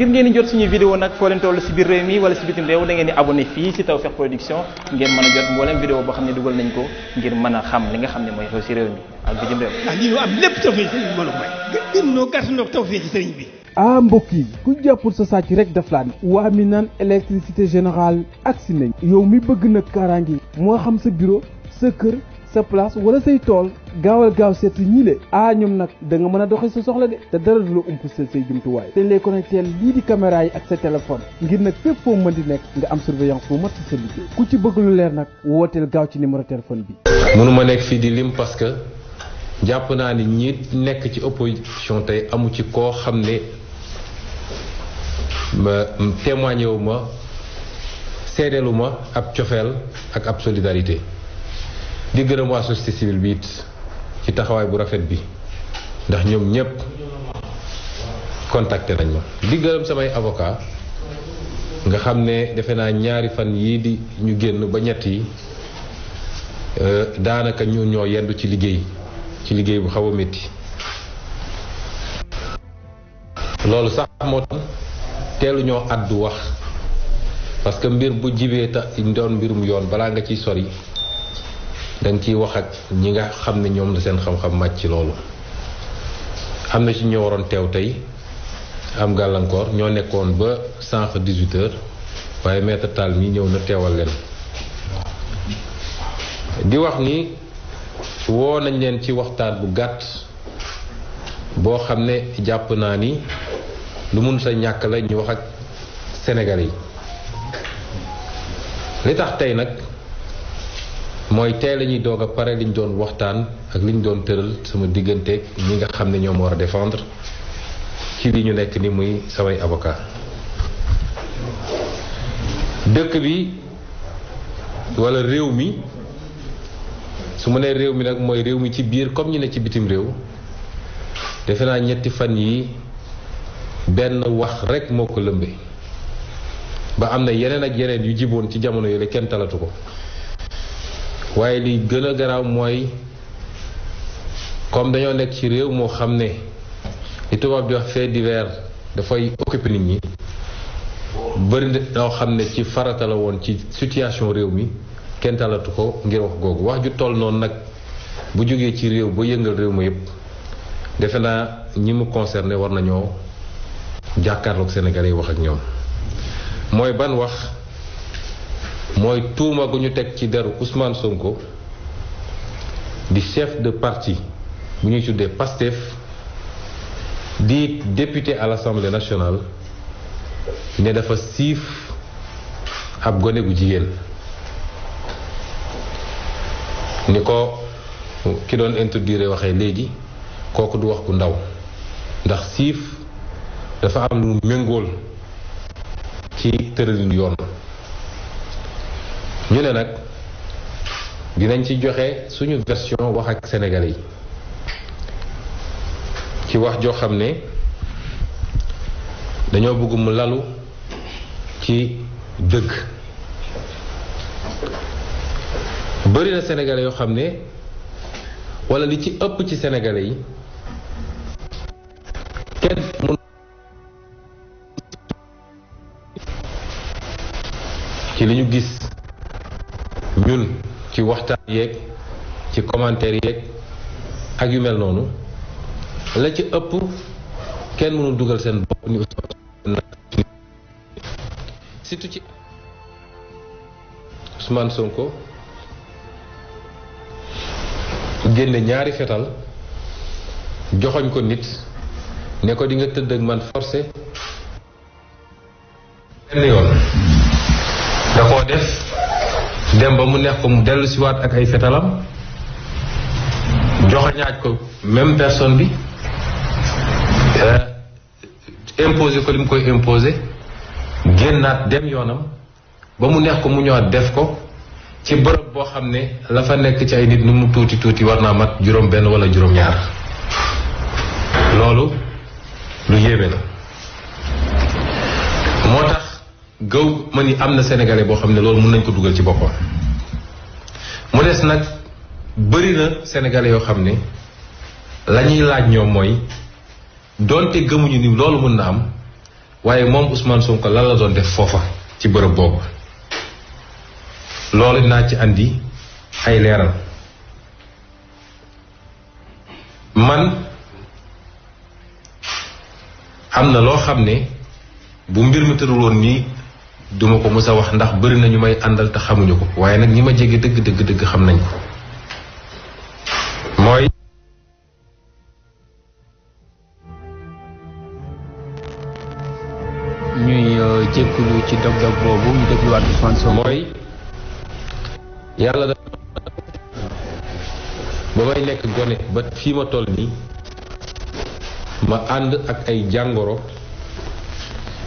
ngir ngeen di jot suñu vidéo nag foo leen toll si biir réew mi wala si bitim réew da ngeen di abonné fii si Tawfekh Production ngeen mën a jot mboolem vidéo boo xam ne dugal nañ ko ngir mën a xam li nga xam ne mooy xew si réew mi ak bitim réew. ndax ah, lii ñu am lépp tawfeeg ci sëriñ bi ah, mbooloo mooy. yi ku jàppul sa sàcc rek daf laa ne. waa mi naan électricité générale agsi nañ. yow mi bëgg nag kaaraange moo xam sa biro sa kër sa place wala say tool gaawal gaaw seet si ñii le ah ñoom nag da nga mën a doxee sa soxla de te dara du ump sel say jumtuwaay dañ lay connecté lii di caméra yi ak sa téléphone ngir nag fépp foo mën di nekk nga am surveillance bu mat sa liggéey ku ci bëgg leer nag wooteel gaaw ci numéro téléphone bi mënu ma nekk fii di lim parce que jàpp naa ni ñiit nekk ci opposition tey amu ci koo xam ne ma témoigné wu ma seedeelu ab cofeel ak ab solidarité di gërëm waa société bi it ci taxawaay bu rafet bi ndax ñoom ñëpp contacté nañ ma di samay avocat nga xam ne defe naa ñaari fan yii di ñu génn ba ñett yi euh, daanaka ñu ñoo yendu ci liggéey ci liggéey bu xaw a métti loolu sax moo tax teelu ñoo àddu wax parce que mbir bu jibee ta doon mbirum yoon balaa nga ciy sori dañ ciy wax ak ñi nga xam ne ñoom la seen xam-xam màcc ci loolu am na ci ñoo waroon teew tey am gàllankoor ñoo nekkoon ba sànq 18 waaye maître Tall mi ñëw na teewal leen di wax ni woo nañ leen ci waxtaan bu gàtt boo xam ne jàpp naa ni lu mun sa ñàkk la ñu wax ak Sénégal yi li tax tey nag mooy tey la ñuy doog a pare li doon waxtaan ak liñ doon tëral sama diggante ñi nga xam ne ñoom war a defendre ci li ñu nekk ni muy samay avocat dëkk bi wala réew mi su ma nee réew mi nag mooy réew mi ci biir comme ñi ne ci bitim réew defe naa ñetti fan yi benn wax rek moo ko lëmbe ba am na yeneen ak yeneen yu jiboon ci jamono yooyu kenn talatu ko waaye li gën a garaaw mooy comme dañoo nekk ci réew moo xam ne li tubaab di wax fait dafay occuper nit ñi bëri na xam ne ci farata woon ci situation réew mi kenn talatu ko ngir wax googu wax ju toll noonu nag bu jógee ci réew ba yëngal réew ma yépp defe naa ñi mu concerné war nañoo jàkkaarloog Sénégalais wax ak ñoom mooy ban wax. mooy tuuma gu ñu teg ci deru Ousmane Sonko di chef de parti bu ñuy tuddee PASTEF di député à l'Assemblée nationale ne dafa siif ab gone gu jigéen ni ko ki doon introduire waxee léegi kooku du wax ku ndaw ndax siif dafa am lu méngool ci tëralinu yoon ñu ne nag dinañ ci joxe suñu version wax ak Sénégalais yi ci wax joo xam ne dañoo bëgg mu lalu ci dëgg bëri na yoo xam ne wala li ci ëpp ci Sénégalais yi kenn mun ci li ñu gis ñun ci waxtaan yéeg ci commentaire yeeg ak yu mel noonu la ci ëpp kenn mënul dugal seen bopp ni surtout ci Ousmane Sonko génne ñaari fetal joxoñ ko nit ne ko di nga tëdd ak man forcé benn yoon koo def dem ba mu neex ko mu dellusiwaat ak ay fetalam joxañaaj ko même personne bi euh, imposé ko li mu koy imposé naat dem yoonam ba mu neex ko mu ñëwaat def ko ci bërëb boo xam ne la fa nekk ci ay nit nu mu tuuti tuuti war naa mat juróom benn wala juróom ñaar loolu lu yéeme la moo tax gëw ma ni am na sénégalais boo xam ne loolu mën nañ ko dugal ci boppam mu des nag bëri na sénégalais yoo xam ne la ñuy laaj ñoom mooy donte gëmuñu ni loolu mën na am waaye moom Ousmane ko lan la doon def foofa ci bërëb boobu loolu naa ci andi ay leeral man am na loo xam ne bu mbir mi tëruloon nii duma ko musa wax ndax bëri nañu may àndal te xamuñu ko waaye nag ñi ma jege dëgg dëgg dëgg xam nañu ko mooy ñuy euh, ci dog-dog boobu yàlla da ba may nekk gone ba fii ma toll nii ma ànd ak ay jàngoro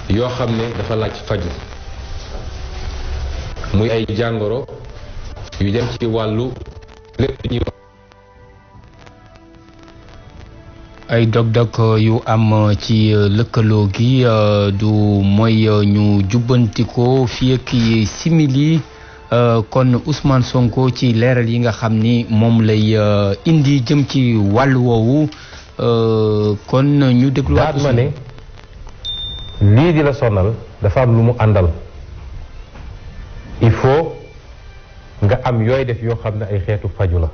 yoo xam ne dafa laaj faju muy ay jàngoro yu dem ci wàllu lépp ñuy wax ay dog-dog yu am ci euh, lëkkaloo gi euh, du mooy euh, ñu jubbantikoo fii ak simili kon Ousmane Sonko ci leeral yi nga xam ni moom lay indi jëm ci wàll woowu kon ñu dégluwaat ma ne lii di la sonal dafa am lu mu àndal il faut nga am yooy def yoo xam ne ay xeetu faju la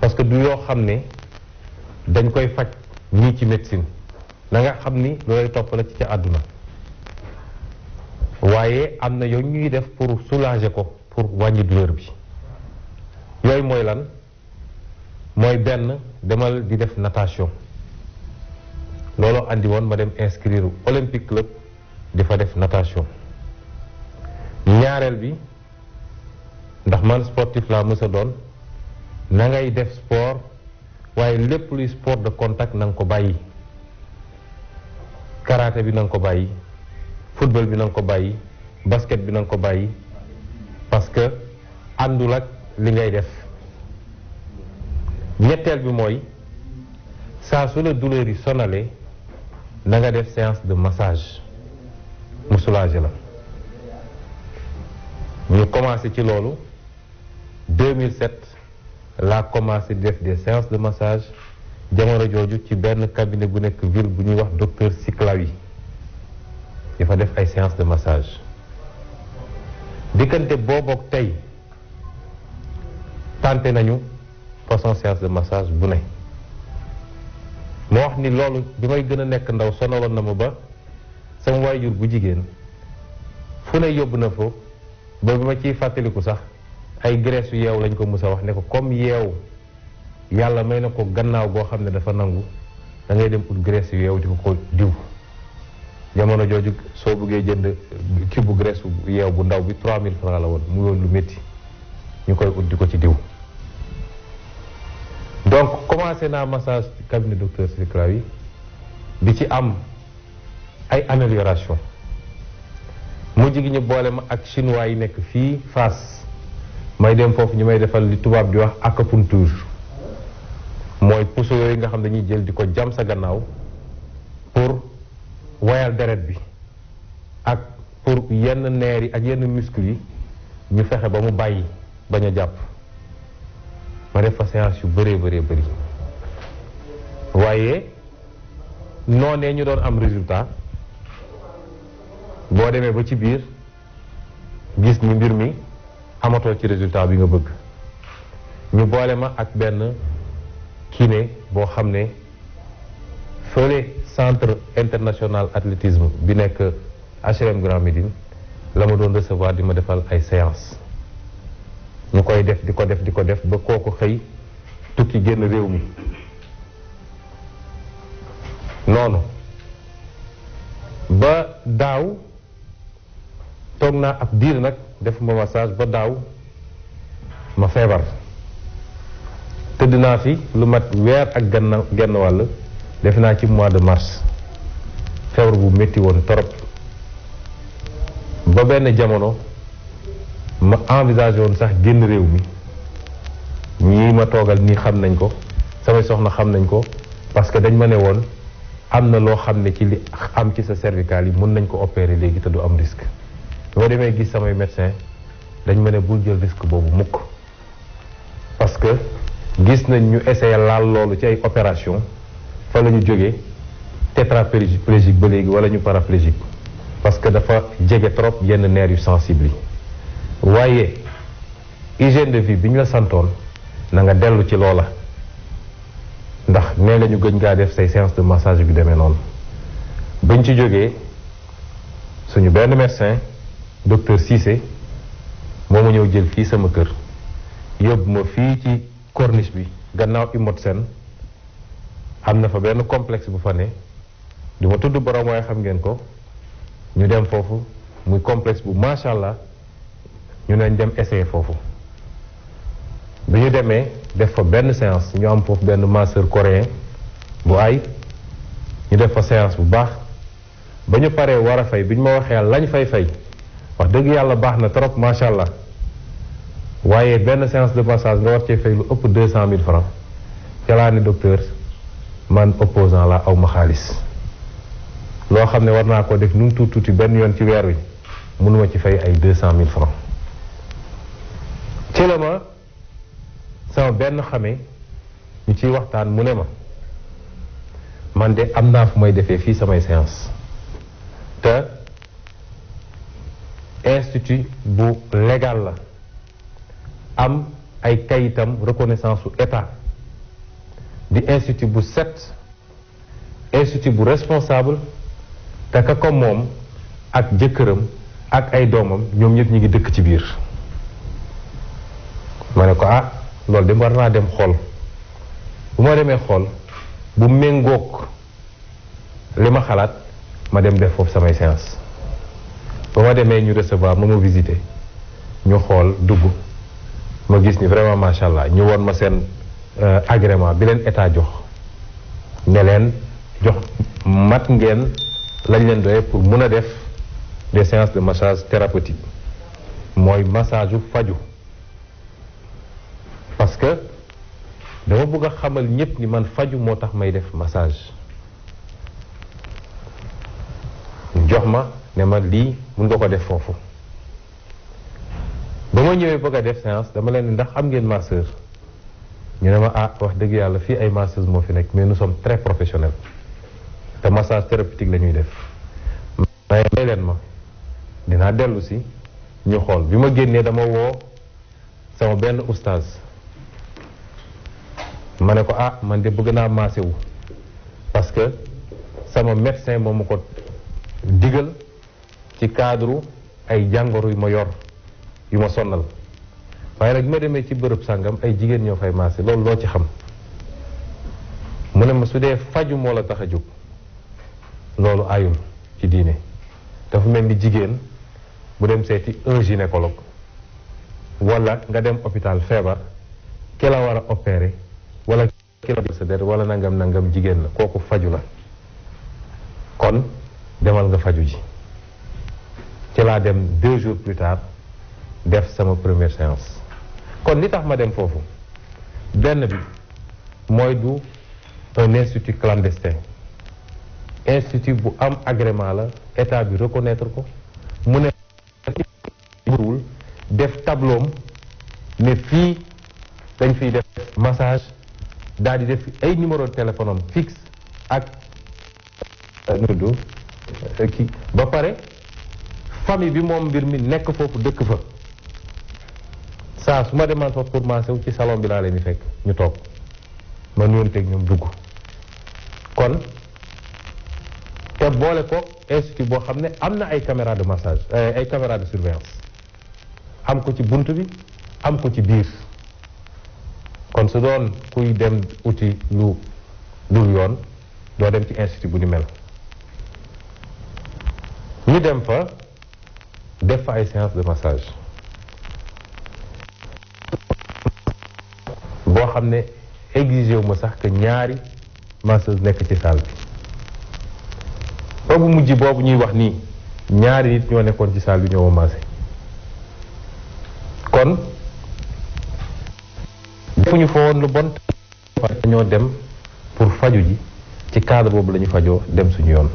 parce que du yoo xam ne dañ koy faj nii ci médecine na nga xam ni loolay topp la ci àdduna waaye am na yooyu ñuy def pour soulager ko pour wàññi douleur bi yooyu mooy lan mooy benn demal di def natation looloo indi woon ma dem inscrire olympique club di fa def natation ñaareel bi ndax man sportif laa mësa doon na ngay def sport waaye lépp luy sport de contact nanga ko bàyyi karaté bi nanga ko bàyyi football bi na ko bàyyi basket bi nanga ko bàyyi parce que àndul ak li ngay def ñetteel bi mooy saa su la douleur yi sonalee na nga def séance de massage mu soulager la ñu commencé ci loolu 2007 laa commencé def des séances de massage jamono jooju ci benn cabinet bu nekk ville bu ñuy wax docteur Siklawi di fa def ay séances de massage diggante boobook tey tenté nañu façon séance de massage bu ne moo wax ni loolu bi may gën a nekk ndaw sonaloon na ma ba sama waajur bu jigéen fu ne yóbbu na foofu ba bi ma ciy fàttaliku sax ay Grèce yu yeew lañ ko mës a wax ne ko comme yeew yàlla may na ko gannaaw goo xam ne dafa nangu da ngay dem ut Grèce yu yeew di ko ko diw jamono jooju soo buggee jënd kii bu Grèce bu yeew bu ndaw bi 3000 francs la woon mu yoon lu metti ñu koy ut di ko ci diw donc commencé naa massage ci cabinet docteur Sicrawi bi ci am ay amélioration mujj gi ñu boole ma ak chinois yi nekk fii Fass may dem foofu ñu may defal li tubaab bi wax acupuncture mooy puso yooyu nga xam dañuy jël di ko jam sa gannaaw pour wayal deret bi ak pour yenn neer yi ak yenn muscle yi ñu fexe ba mu bàyyi bañ a jàpp ma def fa séance yu bëree bëree bëri waaye noonee ñu doon am résultat boo demee ba ci biir gis ni mbir mi amatoo ci résultat bi nga bëgg ñu boole ma ak benn kiné boo xam ne fële centre international athlétisme bi nekk m H&M Grand Médine la ma doon recevoir di ma defal ay séance ñu koy def di ko def di ko def ba kooku xëy tukki génn réew mi noonu ba daaw toog naa ak diir nag defuma ma massage ba daaw ma feebar tëdd naa fi lu mat weer ak ganna genn wàll def naa ci mois de mars feebar bu métti woon torop ba benn jamono ma envisagé woon sax génn réew mi ñii ma toogal nii xam nañ ko samay soxna xam nañ ko parce que dañ ma ne woon am na loo xam ne ci li am ci sa cervical yi mën nañ ko opérer léegi te du am risque boo demee gis samay médecin dañ ma ne bul jël risque boobu mukk parce que gis nañ ñu essayé laal loolu ci ay opération fa la ñu jógee ba léegi wala ñu paraplégique parce que dafa jege trop yenn neer yu sensible yi waaye hygiène de vie bi ñu la santoon na nga dellu ci loola ndax nee lañu gën ngaa def say séance de massage bi demee noonu buñ ci jógee suñu benn médecin docteur Cissé moo ma ñëw jël fii sama kër yóbbu ma fii ci corniche bi gannaaw imot sen am na fa benn complexe bu fa ne du tudd borom waaye xam ngeen ko ñu dem foofu muy complexe bu macha allah ñu ne dem essayé foofu. bi ñu demee def fa benn séance ñu am foofu benn masseur coréen bu ay ñu def fa séance bu baax ba ñu paree war a fay bi ñu ma waxee lañ fay fay. wax dëgg yàlla baax na trop macha allah waaye benn séance de massage nga war cee fay lu ëpp deux cent mille francs ca laa ne docteur man opposant la aw ma xaalis loo xam ne war naa ko def nu mu tuuti tuuti benn yoon ci weer wi mënuma ci fay ay deux cent mille francs ci ma sama benn xame ñu ciy waxtaan mu ne ma man de am naa fu may defee fii samay séance te institut bu légal la am ay kayitam reconnaissance su état di institut bu set institut bu responsable te ka ko moom ak jëkkëram ak ay doomam ñoom ñëpp ñu ngi dëkk ci biir ma ne ko ah loolu dem war naa dem xool bu ma demee xool bu méngoog li ma xalaat ma dem def foofu samay séance ba ma demee ñu recevoir ma ma visité ñu xool dugg ma gis ni vraiment macha allah ñu woon ma seen euh, agrément bi leen état jox ne leen jox mat ngeen lañ leen doyee pour mun a def des séances de massage thérapeutique mooy massage u faju parce que dama bëgg a xamal ñëpp ni man faju moo tax may def massage jox ma ne ma lii mun nga ko def foofu ba ma ñëwee bëgg a def séance dama leen ndax am ngeen masseur ñu ne ma ah wax dëgg yàlla fii ay masseuse moo fi nekk mais nous sommes très professionnels te massage thérapeutique la ñuy def may may leen ma dinaa dellusi ñu xool bi ma génnee dama woo sama benn oustaz ma ne ko ah man de bëgg naa maase wu parce que sama médecin moo ma ko digal ci kaadru ay jàngoro yu ma yor yu ma sonnal waaye nag bi ma demee ci bërëb sàngam ay jigéen ñoo fay maase loolu loo ci xam mu ne ma su dee faju moo la tax a jóg loolu ayul ci diine dafa mel ni jigéen bu dem seeti un gynécologue walla nga dem hôpital feebar ki la war a opérer wala ki la sa der wala nangam nangam jigéen la kooku faju la kon demal nga faju ji ci laa dem deux jours plus tard def sama première séance kon li tax ma dem foofu benn bi mooy du un institut clandestin institut bu am agrément la état bi reconnaître ko mu ne def tableau ne fii dañ fiy def massage daal di def ay numéro de téléphone am ak euh, nu euh, ba pare famille bi moom mbir mi nekk foofu dëkk fa saa su ma demaan fa pour maase wu ci salon bi laa leen di fekk ñu toog ma nuyoonteeg ñoom dugg kon te boole ko institut boo xam ne am na ay caméra de massage euh, ay caméra de surveillance am ko ci bunt bi am ko ci biir kon su doon kuy dem uti lu dul yoon doo dem ci institut bu ni mel ñu dem fa def fa ay séance de massage boo xam ne exigé wu ma sax que ñaari masseuse nekk ci salle bi boobu mujj boobu ñuy wax nii ñaari nit ñoo nekkoon ci saal bi ñoo ma massé kon defuñu fa woon lu bon ñoo dem pour faju ji ci cadre boobu la ñu fajoo dem suñu yoon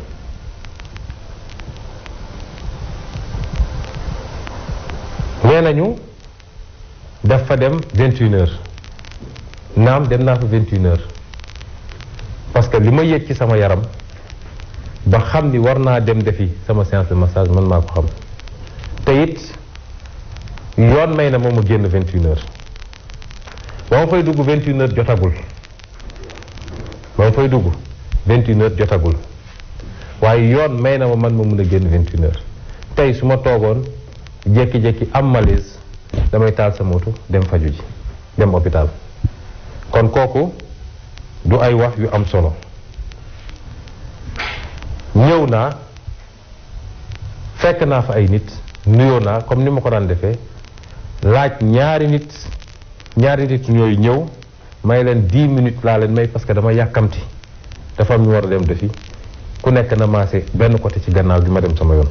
nañu dafa dem vingt une heures naam dem naa fa vingt une parce que li ma yëg ci sama yaram ba xam ni war naa dem defi sama séance de massage man maa ko xam te it yoon may na moom mu génn vingt une heures ba ma fay dugg vingt jotagul ba ma fay dugg vingt une jotagul waaye yoon may na ma man ma mun a génn vingt tey su ma toogoon jékki-jékki am malaise damay taal sa moto dem faju ji dem hôpital kon kooku du ay wax yu am solo ñëw naa fekk naa fa ay nit nuyoo naa comme ni ma ko daan defee laaj ñaari nit ñaari nit ñooyu ñëw may leen dix minutes laa leen may parce que dama yàkkamti dafa am ñu war a dem defi ku nekk na maase benn côté ci gannaaw gi ma dem sama yoon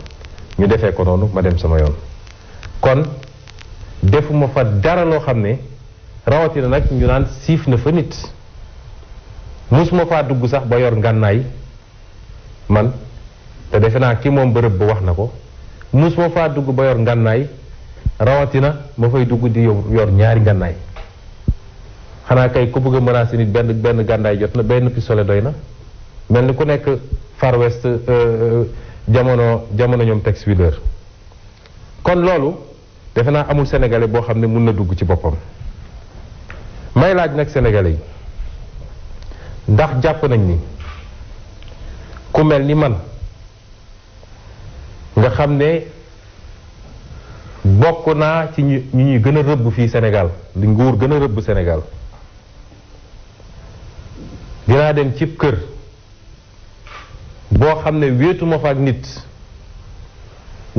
ñu defee ko noonu ma dem sama yoon kon defuma fa dara loo xam ne rawatina nag ñu naan siif na fa nit mosuma faa dugg sax ba yor ngànnaay man te defe naa ki moom bërëb ba wax na ko mosuma faa dugg ba yor ngànnaay rawatina ma fay dugg di yor ñaari ngànnaay xanaa kay ku bëgg a menacer nit benn benn gànnaay jot na benn pistolet doy na mel ni ku nekk Far West euh, euh, jamono jamono ñoom Tex Willer kon loolu defe naa amul sénégalais boo xam ne mun na dugg ci boppam may laaj nag sénégalais yi ndax jàpp nañ ni ku mel ni man nga xam ne bokk naa ci ñu ñuy gën a rëbb fii senegal li nguur gën a rëbb senegal dinaa dem cib kër boo xam ne wéetuma fa nit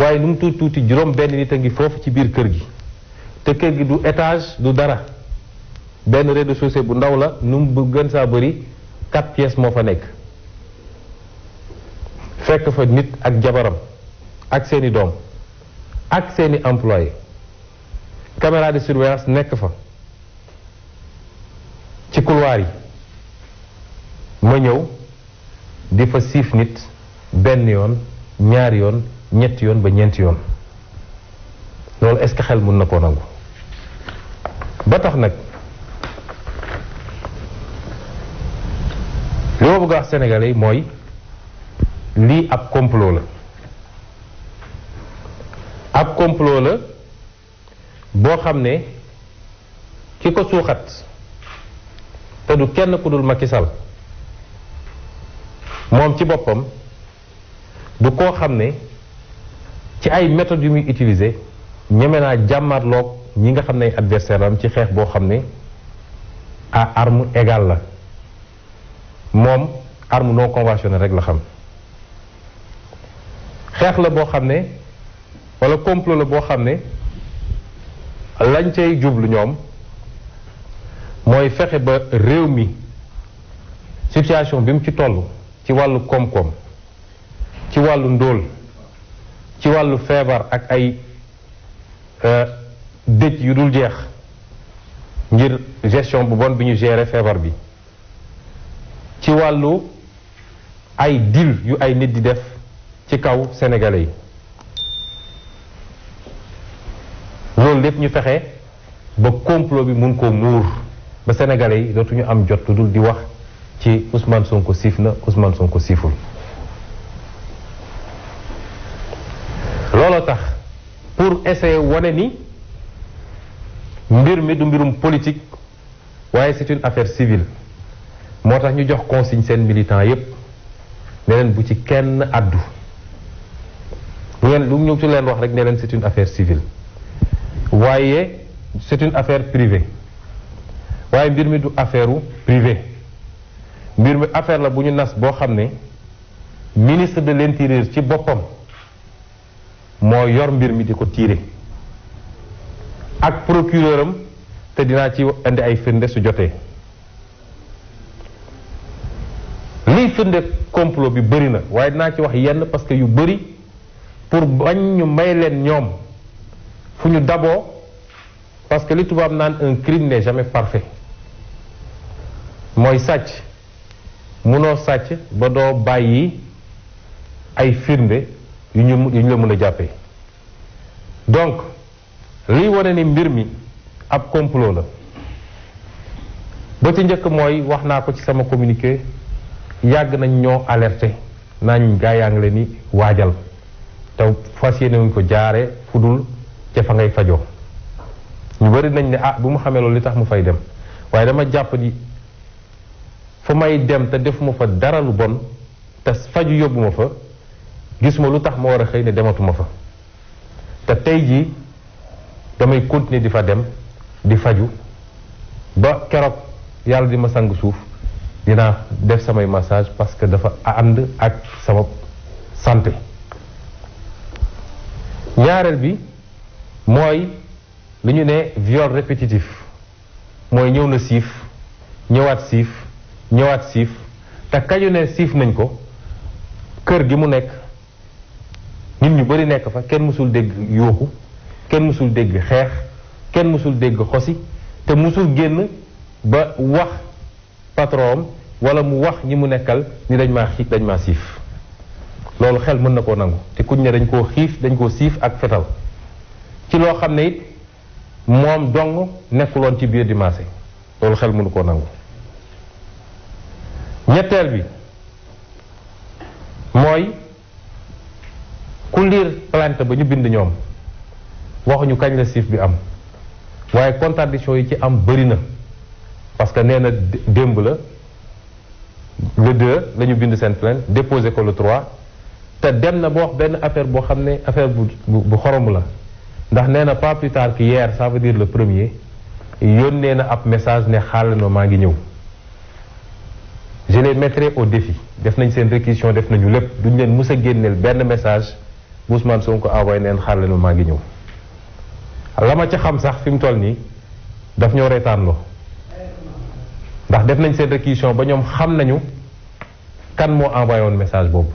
waaye nu mu tuuti tuuti juróom benn nit a ngi foofu ci biir kër gi te kër gi du étage du dara benn rez de bu ndaw la nu mu gën saa bari quatre pièces moo fa nekk fekk fa nit ak jabaram ak seeni doom ak seeni employé caméra de surveillance nekk fa ci couloir yi ma ñëw di fa siif nit benn yoon ñaar yoon ñetti yoon ba ñeenti yoon loolu est-ce xel mun na koo nangu ba tax nag li ma bëgg a wax mooy lii ab complot la ab complot la boo xam ne ki ko suuxat te du kenn ku dul Macky Sall moom ci boppam du koo xam ne ay méthodes yu muy utiliser ñeme naa jàmmarloog ñi nga xam ne adversaire am ci xeex boo xam ne à arme égale la moom arme non conventionnelle rek la xam xeex la boo xam ne walla complot la boo xam ne lañ cay jublu ñoom mooy fexe ba réew mi situation bi mu ci toll ci wàllu koom-koom ci wàllu ndóol ci wàllu feebar ak ay euh, dëj yu dul jeex ngir gestion bu bon bi ñu gérer feebar bi ci wàllu ay deal yu ay nit di def ci kaw sénégalais yi loolu lépp ñu fexe ba complot bi mun ko muur ba sénégalais yi dootuñu am jot lu dul di wax ci Ousmane Sonko siif na Ousmane Sonko siiful pour essayer wane ni mbir mi du mbirum politique waaye c'est une affaire civile moo tax ñu jox consigne seen militant yépp ne leen bu ci kenn àddu lu ngeen lu ñu ci leen wax rek ne leen c'est une affaire civile waaye c'est une affaire privée waaye mbir mi du affaire privée mbir mi affaire la bu ñu nas boo xam ne ministre de l'intérieur ci boppam moo yor mbir mi di ko tiire ak procureur te dinaa ci indi ay firnde su jotee liy firnde complot bi bëri na waaye dinaa ci wax yenn parce que yu bëri pour bañ ñu may leen ñoom fu ñu daboo parce que li tubaab naan un crime jamais parfait mooy sàcc mënoo sàcc ba doo bàyyi ay firnde yu ñu yu ñu la mën a jàppee donc liy wane ni mbir mi ab complot la ba ci njëkk mooy wax naa ko ci sama communiqué yàgg nañ ñoo alerte nañ gaa yaa ngi leen ni waajal te fas yéene wuñ ko jaare fu dul ca fa ngay fajoo ñu bari nañ ne ah bu mu xamee loolu li tax mu fay dem waaye dama jàpp ni fu may dem te defuma fa dara lu bon te faju yóbbu fa gisuma lu tax ma war a xëy ne dematuma fa te tey jii damay continuer di fa dem di faju ba keroog yàlla di ma sang suuf dinaa def samay massage parce que dafa ànd ak sama santé ñaareel bi mooy li ñu ne viol répétitif mooy ñëw na siif ñëwaat siif ñëwaat siif te kañu ne siif nañ ko kër gi mu nekk nit ñu bari nekk fa kenn mësul dégg yuuxu kenn mësul dégg xeex kenn mësul dégg xosi te mësul génn ba wax patron wala mu wax ñi mu nekkal ni dañ maa xiif dañ ma siif loolu xel mën na koo nangu te kuñ ne dañ koo xiif dañ koo siif ak fetal ci loo xam ne it moom dong nekkuloon ci biir di marché loolu xel mënu koo nangu ñetteel bi mooy ku liir plainte ba ñu bind ñoom waxuñu kañ la chiffre bi am waaye contradiction yi ci am bëri na parce que nee na démb la le 2 la bind seen plainte déposé ko le 3 te dem na ba wax benn affaire boo xam ne affaire bu bu xorom la ndax nee na pas plus tard que hier veut dire le premier yónnee na ab message ne xaaral ma maa ngi ñëw je les mettrai au défi def nañ seen réquisition def nañu lépp duñ leen mus génneel benn message. Ousmane Sonko envoyé neen xaar maa ngi ñëw la ma ca xam sax fi mu nii daf ñoo reetaanloo ndax def nañ seen réquisition ba ñoom xam nañu kan moo envoyé woon message boobu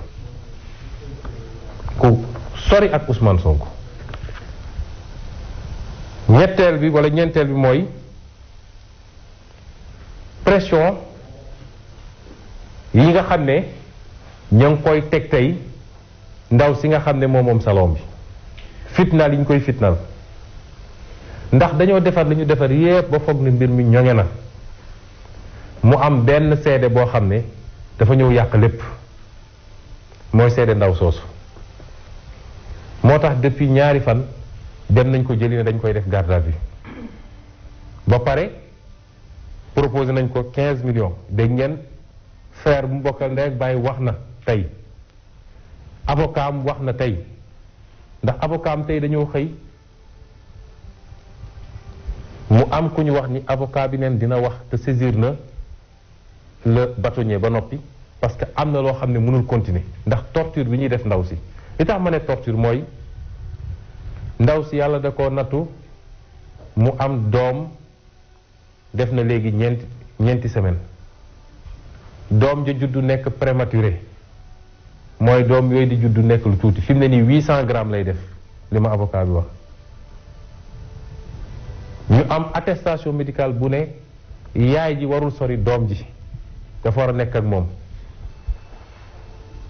ku ak Ousmane Sonko ñetteel bi wala ñeenteel bi mooy pression yi nga xam ne ñoo ngi koy teg tey ndaw si nga xam ne moom moom salon bi fitnaal yi ñu koy fitnaal ndax dañoo defar li ñu defar yépp ba foog ne mbir mi ñoŋe na mu am benn seede boo xam ne dafa ñëw yàq lépp mooy seede ndaw soosu moo tax depuis ñaari fan dem nañ ko jëli ne dañ koy def garde bi ba pare proposé nañ ko 15 millions dégg ngeen frère bu mu bokkal ndey ak bàyyi wax na tey avocat wax na tey ndax avocat tey dañoo xëy mu am ku ñu wax ni avocat bi neen dina wax te saisir na le bâtonnier ba noppi parce que am na loo xam ne mënul continuer ndax torture bi ñuy def ndaw si li tax ma ne torture mooy ndaw si yàlla da ko nattu mu am doom def na léegi ñeenti ñeenti semaine doom ja juddu nekk prématuré mooy doom yooyu di juddu nekk lu tuuti fi mu ne nii huit cent grammes lay def li ma avocat bi wax ñu am attestation médical bu ne yaay ji warul sori doom ji dafa war a nekk ak moom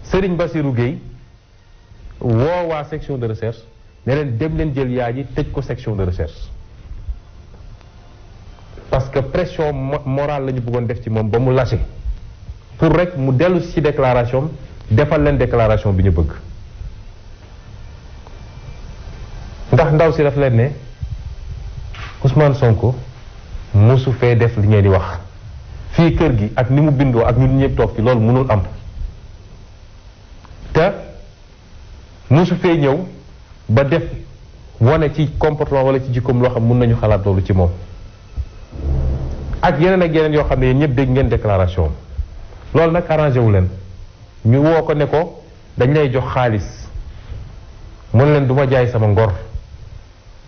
sëriñ Bassirou Gueye woo waa section de recherche ne leen dem leen jël yaay ji tëj ko section de recherche parce que pression morale la ñu bëggoon def ci moom ba mu lâché pour rek mu dellu si déclaration defal leen déclaration bi ñu bëgg ndax ndaw si daf leen ne Ousmane Sonko mosu fee def li ngeen di wax fii kër gi ak ni mu bindoo ak ñun ñëpp toog fi loolu mënul am te mosu fee ñëw ba def wane ci comportement wala ci jikkoom loo xam mun nañu xalaat loolu ci moom ak yeneen ak yeneen yoo xam ne yéen ñëpp dégg ngeen déclaration loolu nag arrangé wu leen ñu woo ko ne ko dañ lay jox xaalis mun leen du ma jaay sama ngor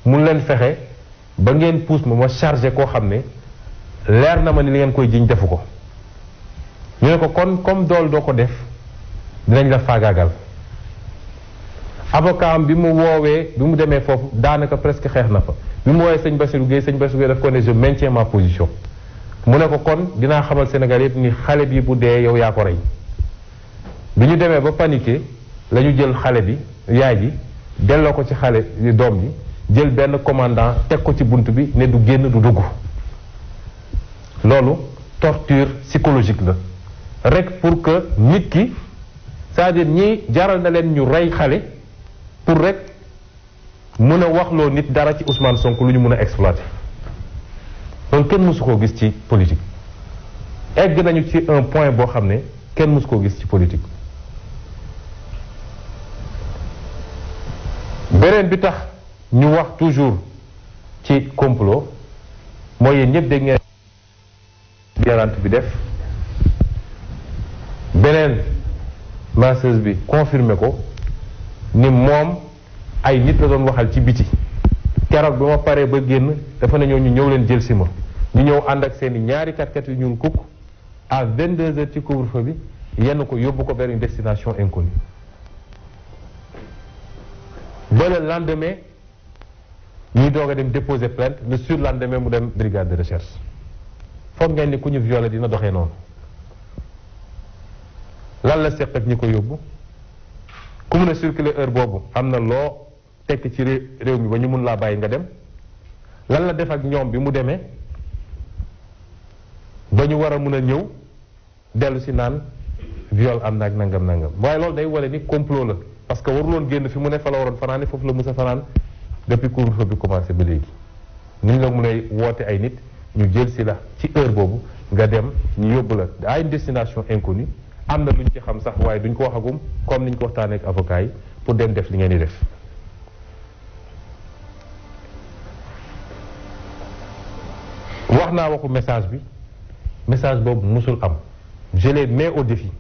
mun leen fexe ba ngeen puus ma ma chargé koo xam ne leer na ma ni li ngeen koy jiñ defu ko ñu ne ko kon comme dool doo ko def dinañ la faagaagal avocat bi mu woowee bi mu demee foofu daanaka presque xeex na fa bi mu woowee sëñ Bassirou Guèye sëñ Bassirou Guèye daf ko ne je maintiens ma position mu ne ko kon dinaa xamal Sénégal yëpp ni xale bi bu dee yow yaa ko rey bi ñu demee ba paniqué la ñu jël xale bi yaay ji delloo ko ci xale doom ji jël benn commandant teg ko ci bunt bi ne du génn du dugg loolu torture psychologique la rek pour que nit ki cest à ñi jaral na leen ñu rey xale pour rek mën a waxloo nit dara ci Ousmane sonk lu ñu mën a exploiter loolu kenn mësu koo gis ci politique egg nañu ci un point boo xam ne kenn mësu koo gis ci politique beneen bi tax ñu wax toujours ci complot mooy yéen ñëpp dégg ngeen garante bi def beneen masseuse bi confirmé ko ni moom ay nit la doon waxal ci biti keroog bi ma paree ba génn dafa nañoo ñu ñëw leen jël si ma ñu ñëw ànd ak seen i ñaari katkat yu ñu kukk à 22 heures ci couvre-feu bi yenn ko yóbbu ko vers une destination inconnue ba le lendemain ñuy doog a dem déposer plainte le surlendemain mu dem brigade de recherche foog ngeen ni ku ñu violé dina doxee noonu lan la seq ak ñi ko yóbbu ku mun a circuler heure boobu am na loo tekk ci réew mi ba ñu mun laa bàyyi nga dem lan la def ak ñoom bi mu demee ba ñu war a mun a ñëw dellu si naan viol am na ak nangam nangam waaye loolu day wale ni complot la parce que waruloon génn fi mu ne fa la waroon fanaan foofu la mës a fanaan depuis couvre-feu ba léegi ni la mu a woote ay nit ñu jël si la ci heure boobu nga dem ñu yóbbu la à destination inconnue am na lu ñu ci xam sax waaye duñ ko waxagum comme ni ñu ko waxtaanee ak avocat yi pour dem def li ngeen di def. wax naa waxu message bi message boobu musul am je mais mets au défi.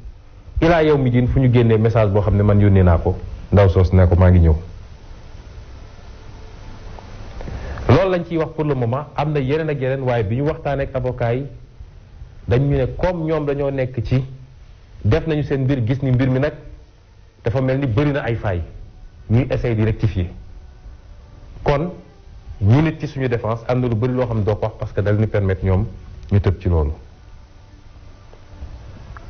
ilaa yow mi diin fu ñu génnee message boo xam ne man yónnee naa ko ndaw soos ne ko maa ngi ñëw loolu lañ ciy wax pour le moment am na yeneen ak yeneen waaye bi ñu waxtaanee ak avocat yi dañ ñu ne comme ñoom dañoo nekk ci def nañu seen mbir gis ni mbir mi nag dafa mel ni bëri na ay fay ñuy essayer di rectifier kon ñu nit ci suñu défense am na lu bëri loo xam ne doo ko wax parce que dal ñu permettre ñoom ñu tëb ci loolu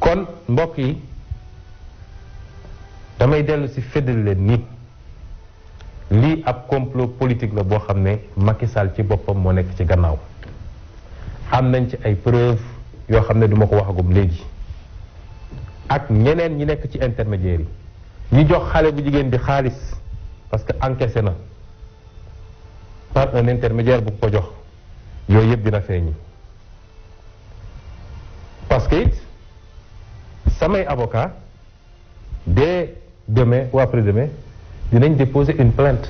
kon mbokk yi damay dellu si fedd leen ni lii ab complot politique la boo xam ne Macky Sall ci boppam moo nekk ci gannaaw am nañ ci ay preuve yoo xam ne duma ko waxagum léegi ak ñeneen ñi nekk ci intermédier yi ñi jox xale bu jigéen bi xaalis parce que encaissé na par un intermédiaire bu ko jox yooyu yëpp dina feeñ parce que it samay avocat de demain ou après-demain dinañ déposer une plainte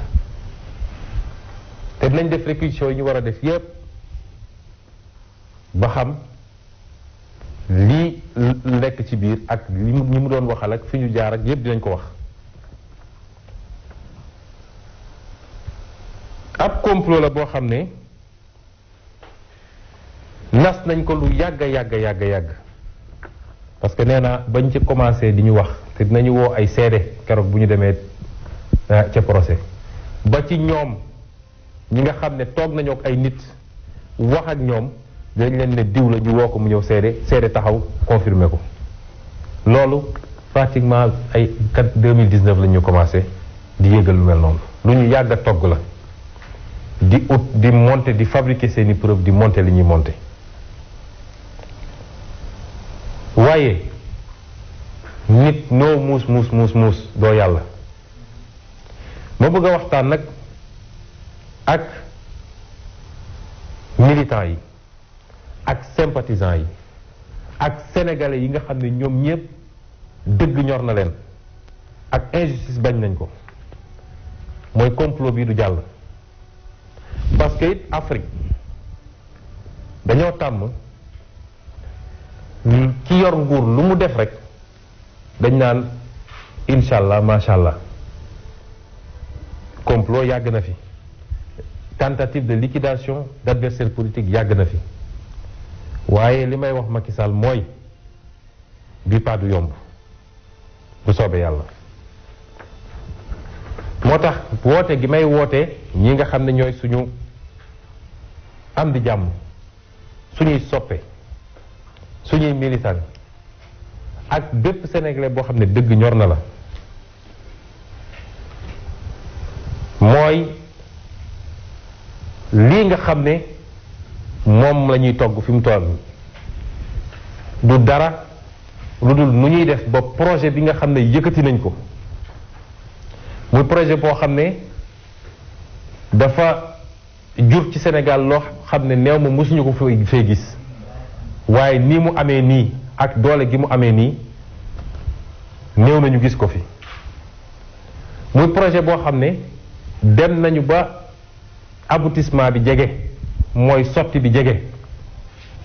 te dinañ def réquisition yi ñu war a def yëpp ba xam lii lekk ci biir ak li ñi mu doon waxal ak fi ñu jaar ak yépp dinañ ko wax ab complot la boo xam ne nas nañ ko lu yàgg a yàgg yàgg yàgg parce que nee naa bañ ci commencé di ñu wax te dinañu woo ay seede keroog bu ñu demee ah, ca procès ba ci ñoom ñi nga xam ne toog nañoo ak ay nit wax ak ñoom dañ leen ne diw la woo ko mu ñëw seede seede taxaw confirmé ko loolu pratiquement ay kat 2019 la ñu commencé di yëgal lu mel noonu lu ñu yàgg a togg la di ut di monter di fabriquer seeni preuve di monter li ñuy monter waaye nit noo muus muus muus doo yàlla ma bëgg a waxtaan nag ak militants yi ak sympathisants yi ak sénégalais yi nga xam ne ñoom ñëpp dëgg ñor na leen ak injustice bañ nañ ko mooy complot bi du jàll parce que it Afrique dañoo tàmm ki yor nguur lu mu def rek dañ naan incha allah macha allah complot yàgg na fi tentative de liquidation d' adversaire politique yàgg na fi waaye li may wax Macky Sall mooy bi pas du yomb bu soobee yàlla moo tax woote gi may woote ñi nga xam ne ñooy suñu am di jàmm suñuy soppe suñuy militant ak bépp sénégalais boo xam ne dëgg ñor na la mooy lii nga xam ne moom la ñuy togg fi mu toll du dara lu dul nu ñuy def ba projet bi nga xam ne yëkkati nañ ko muy projet boo xam ne dafa jur ci Sénégal loo xam ne néew ma mosuñu ko fay fee gis waaye ni mu amee nii ak doole gi mu amee nii néew nañu gis ko fi muy projet boo xam ne dem nañu ba aboutissement bi jege mooy sotti bi jege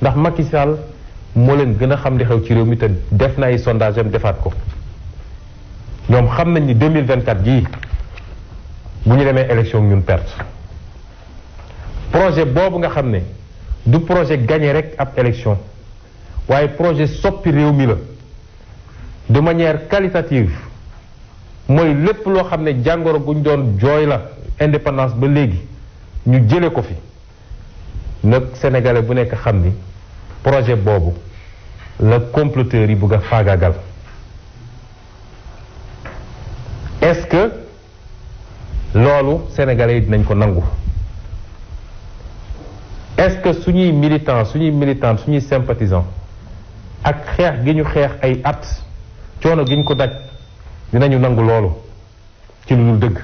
ndax Macky moo leen gën a xam li xew ci réew mi te def na ay sondage defaat ko ñoom xam nañ ni 2024 gii bu ñu demee élection ñun perte projet boobu nga xam ne du projet gagné rek ab élection waaye projet soppi réew mi la de manière qualitative mooy lépp loo xam ne jàngoro guñ doon jooy la indépendance ba léegi ñu jële ko fi nag sénégalais bu nekk xam ni projet boobu la comploteurs yi bëgg faagaagal est-ce que loolu sénégalais yi dinañ ko nangu est-ce que suñuy militants suñuy militantes suñuy sympathisants ak xeex gi ñu xeex ay at coono gi ñu ko daj dinañu nangu loolu ci lu dul dëgg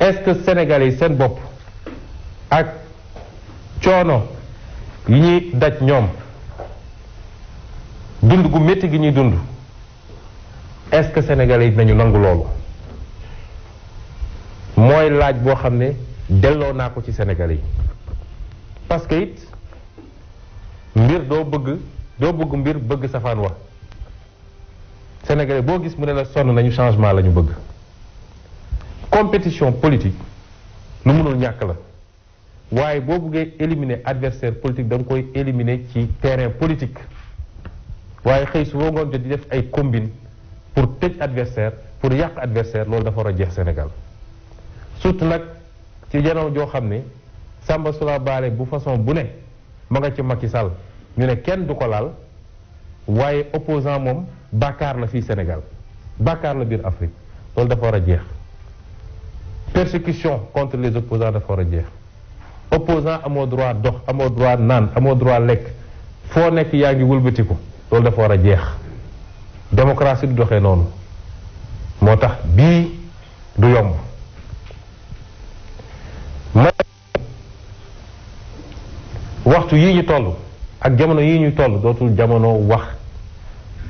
est-ce que sénégalais yi seen bopp ak coono yi ñuy daj ñoom dund gu métti gi ñuy dund est-ce que sénégalais yi dinañu nangu loolu mooy laaj boo xam ne delloo naa ko ci sénégalais yi parce mbir doo bëgg doo bëgg mbir bëgg safaan wa Sénégalais boo gis mu ne la sonn nañu changement la ñu bëgg compétition politique lu mënul ñàkk la waaye boo bëggee éliminer adversaire politique da koy éliminer ci terrain politique waaye xëy su boo ngoon jot di def ay combine pour tëj adversaire pour yàq adversaire loolu dafa war a jeex Sénégal surtout nag ci janoo joo xam ne Samba Sula Baale bu façon bu ne ma nga ci Macky Sall ñu ne kenn du ko laal waaye opposant moom bàkkaar la fii Sénégal bàkkaar la biir Afrique loolu dafa war a jeex persécution contre les opposants dafa war a jeex opposant amoo droit dox amoo droit naan amoo droit lekk foo nekk yaa ngi wëlbatiku loolu dafa war a jeex démocratie du doxee noonu moo tax bii du yomb waxtu yii ñu toll ak jamono yii ñu toll dootul jamono wax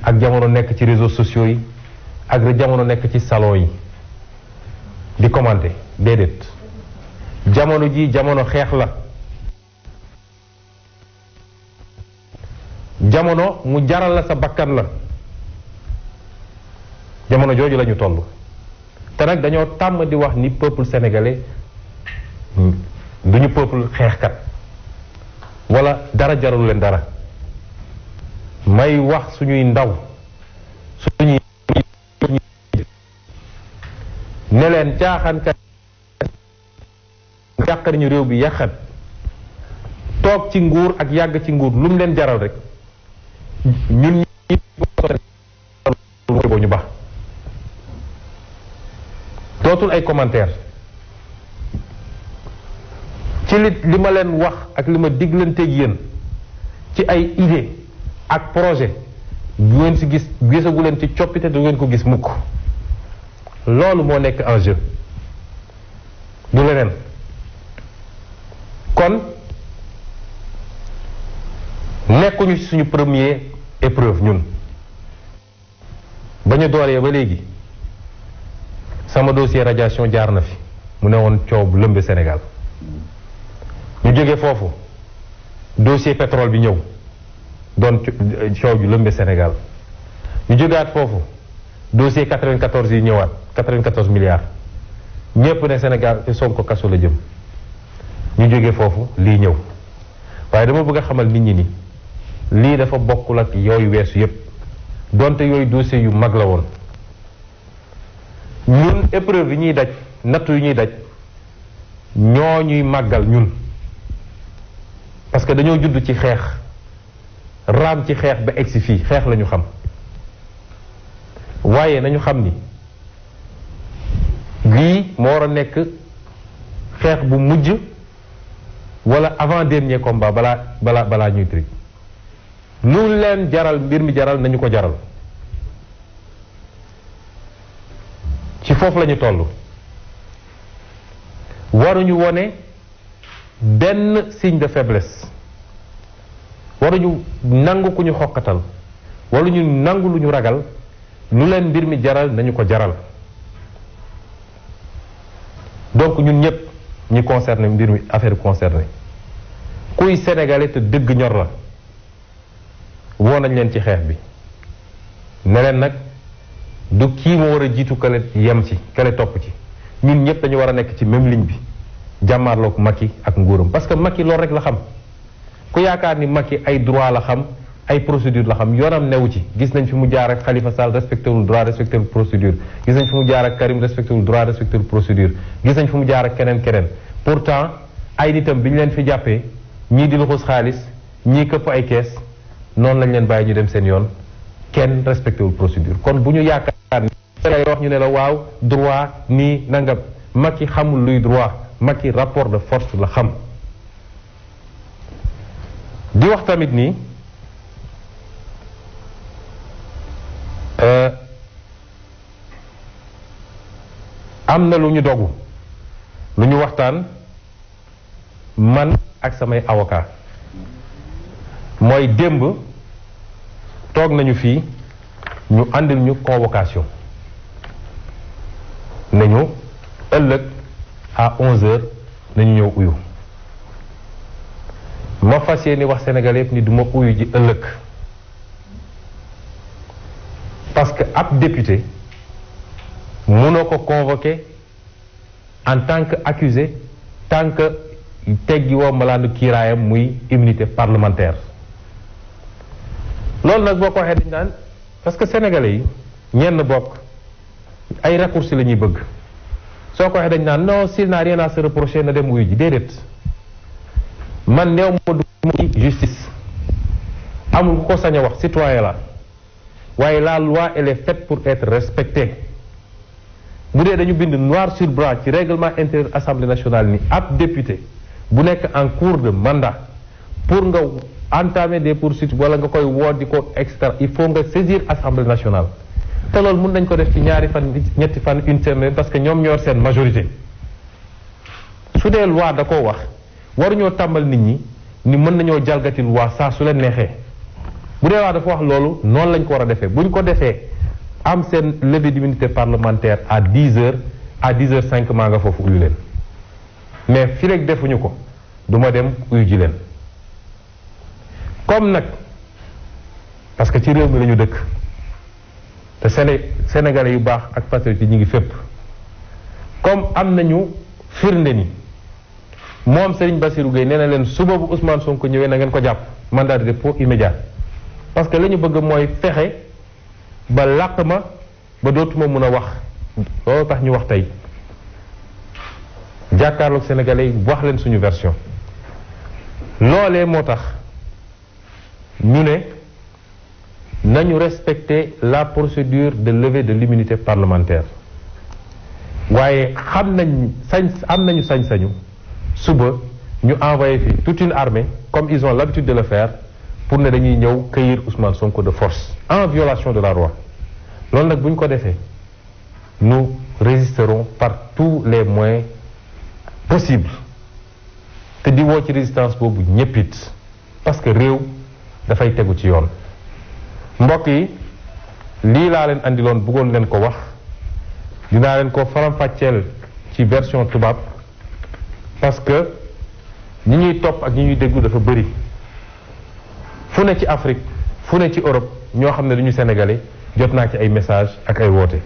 ak jamono nekk ci réseau sociaux yi ak jamono nekk ci salon yi di commenter déedéet jamono ji jamono xeex la jamono mu jaral la sa bakkan la jamono jooju lañu ñu toll te nag dañoo tàmm di wax ni peuple sénégalais duñu peuple xeexkat wala dara jaralu leen dara may wax suñuy ndaw suñuy ne leen caaxaankat yàq nañu réew bi yàqat toog ci nguur ak yàgg ci nguur lu mu leen jaral rek ñun ñu ba tootul ay commentaire li ma leen wax ak li ma diglanteeg yéen ci ay idée ak projet bu ngeen si gis gisagu leen ci coppite du ngeen ko gis mukk loolu moo nekk enjeu du leneen kon nekkuñu suñu premier épreuve ñun ba ñu dooree ba léegi sama dossier radiation jaar na fi mu ne woon coow bu lëmbe Sénégal ñu jóge foofu dossier pétrole bi ñëw doon euh, coow ju lëmbe Sénégal ñu jógaat foofu dossier 94 yi ñëwaat 94 milliards ñépp ne Sénégal te Sonko kaso la jëm ñu jóge foofu lii ñëw waaye dama bëgg a xamal nit ñi ni lii dafa bokkul ak yooyu weesu yépp donte yooyu dossier yu mag la woon ñun épreuve yi ñuy daj nattu yu ñuy daj ñoo ñuy màggal ñun parce que dañoo judd ci xeex raam ci xeex ba egsi fii xeex lañu xam waaye nañu xam ni lii moo war a nekk xeex bu mujj wala avant dernier combat balaa balaa balaa ñuy tri lu leen jaral mbir mi jaral nañu ko jaral ci foofu lañu ñu toll waruñu wone benn signe de faiblesse waruñu nangu ku ñu xoqatal waruñu nangu lu ñu ragal lu leen mbir mi jaral nañu ko jaral donc ñun ñëpp ñi concerné mbir mi affaire concerné kuy sénégalais te dëgg ñor la woo nañ leen ci xeex bi ne leen nag du kii moo war a jiitu kale yem ci kale topp ci ñun ñëpp dañu war a nekk ci même ligne bi jàmmaarloog yi ak nguuram parce que yi loolu rek la xam ku yaakaar ni mag yi ay droit la xam ay procédure la xam yoonam newu ci gis nañ fi mu jaar ak Khalifa Sall respecté wul droit respecté wul gis nañ fi mu jaar ak Karim respecté wul droit respecté wul procédure mu jaar ak keneen keneen pourtant ay nitam bi ñu leen fi jàppee ñii di luxus xaalis ñii këpp ay kees noonu lañ leen bàyyi ñu dem seen yoon kenn respecté wul procédure kon bu ñu yaakaar ni wax ñu ne la waaw droit nii nangam Macky xamul luy droit Macky rapport de force la xam di wax tamit nii euh, am na lu ñu dogu lu ñu waxtaan man ak samay avocat mooy démb toog nañu fii ñu àndil ñu convocation nañu ëllëg à 11h nañu ñëw uyu ma fas yéene wax Sénégal yëpp ni du ma uyu ji ëllëg parce que ab député mënoo ko convoqué en tant que accusé tànk que teggi woo malaanu kiiraayam muy immunité parlementaire loolu nag boo ko waxee dañu naan parce que sénégalais yi ñenn bokk ay raccourci la ñuy bëgg soo ko waxee dañ naan non s'il n'a rien à se na dem wuyu ji déedéet man néew justice amul ku ko sañ wax citoyen la waaye la loi elle est pour être respectée bu dee dañu bind noir sur ci règlement intérieur assemblée nationale ni ab député bu nekk en cours de mandat pour nga entamer des poursuites wala nga koy woo di ko extra il faut nga saisir assemblée nationale te loolu mën nañ ko def ci ñaari fan ñetti fan une parce que ñoom ñor seen majorité su dee loi da koo wax waruñoo tàmbal nit ñi ni mën nañoo jalgati loi saa su leen neexee bu dee loi dafa wax loolu noonu lañ ko war a defee bu ñu ko defee am seen levée d'immunité parlementaire à 10 heures à 10 heures 5 maa nga foofu uyu leen mais fi rek defuñu ko du ma dem uyu ji leen comme nag parce que ci réew mi lañu dëkk. te sénégalais yu baax ak patriotes yi ñu ngi fépp comme am nañu firnde ni moom Serigne Bassirou Gueye nee na leen suba bu Ousmane Sonko ñëwee na ngeen ko jàpp mandat de dépôt immédiat parce que la bëgg mooy fexe ba làq ma ba dootuma mën a wax loolu tax ñu wax tey jàkkaarloog sénégalais yi wax leen suñu version loolee moo tax ñu ne na ñu respecter la procédure de lever de l'immunité parlementaire waaye xam nañ sañ am nañu sañ-sañu suba ñu envoyé fii toute une armée comme ils ont l'habitude de le faire pour ne dañuy ñëw cueillir Ousmane Sonko de force en violation de la loi loolu nag bu ñu ko defee nu résisterons par tous les moyens possibles te di woo ci résistance boobu ñëpp it parce que réew dafay tegu ci yoon mbokk yi lii laa leen andiloon bëggoon leen ko wax dinaa leen ko faram-fàcceel ci version tubaab parce que ñi ñuy topp ak ñi ñuy déglu dafa bëri fu ne ci Afrique fu ne ci Europe ñoo xam ne du ñu sénégalais jot naa ci ay message ak ay woote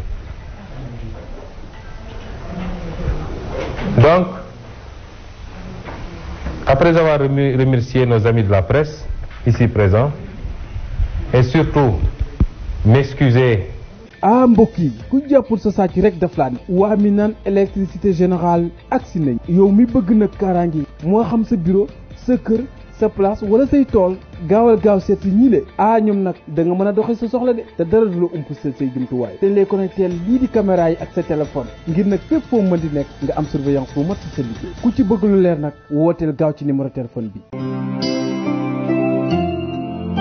donc après avoir remercié nos amis de la presse ici présents et surtout m'excuser. ah mbokk yi ku jàppul sa sàcc rek daf laa ne waa mi naan électricité générale agsi nañ yow mi bëgg nag kaaraange moo xam sa bureau sa kër sa place wala say tool gaawal gaaw seet si ñii le ah ñoom nag danga nga mën a doxee sa soxla de te dara du la umpaseel say jumtuwaay te ñu lay connecté lii di caméra yi ak sa téléphone ngir nag fépp foo mën di nekk nga am surveillance bu mat si sa liggéey ku ci bëgg leer nag wooteel gaaw ci numéro téléphone bi.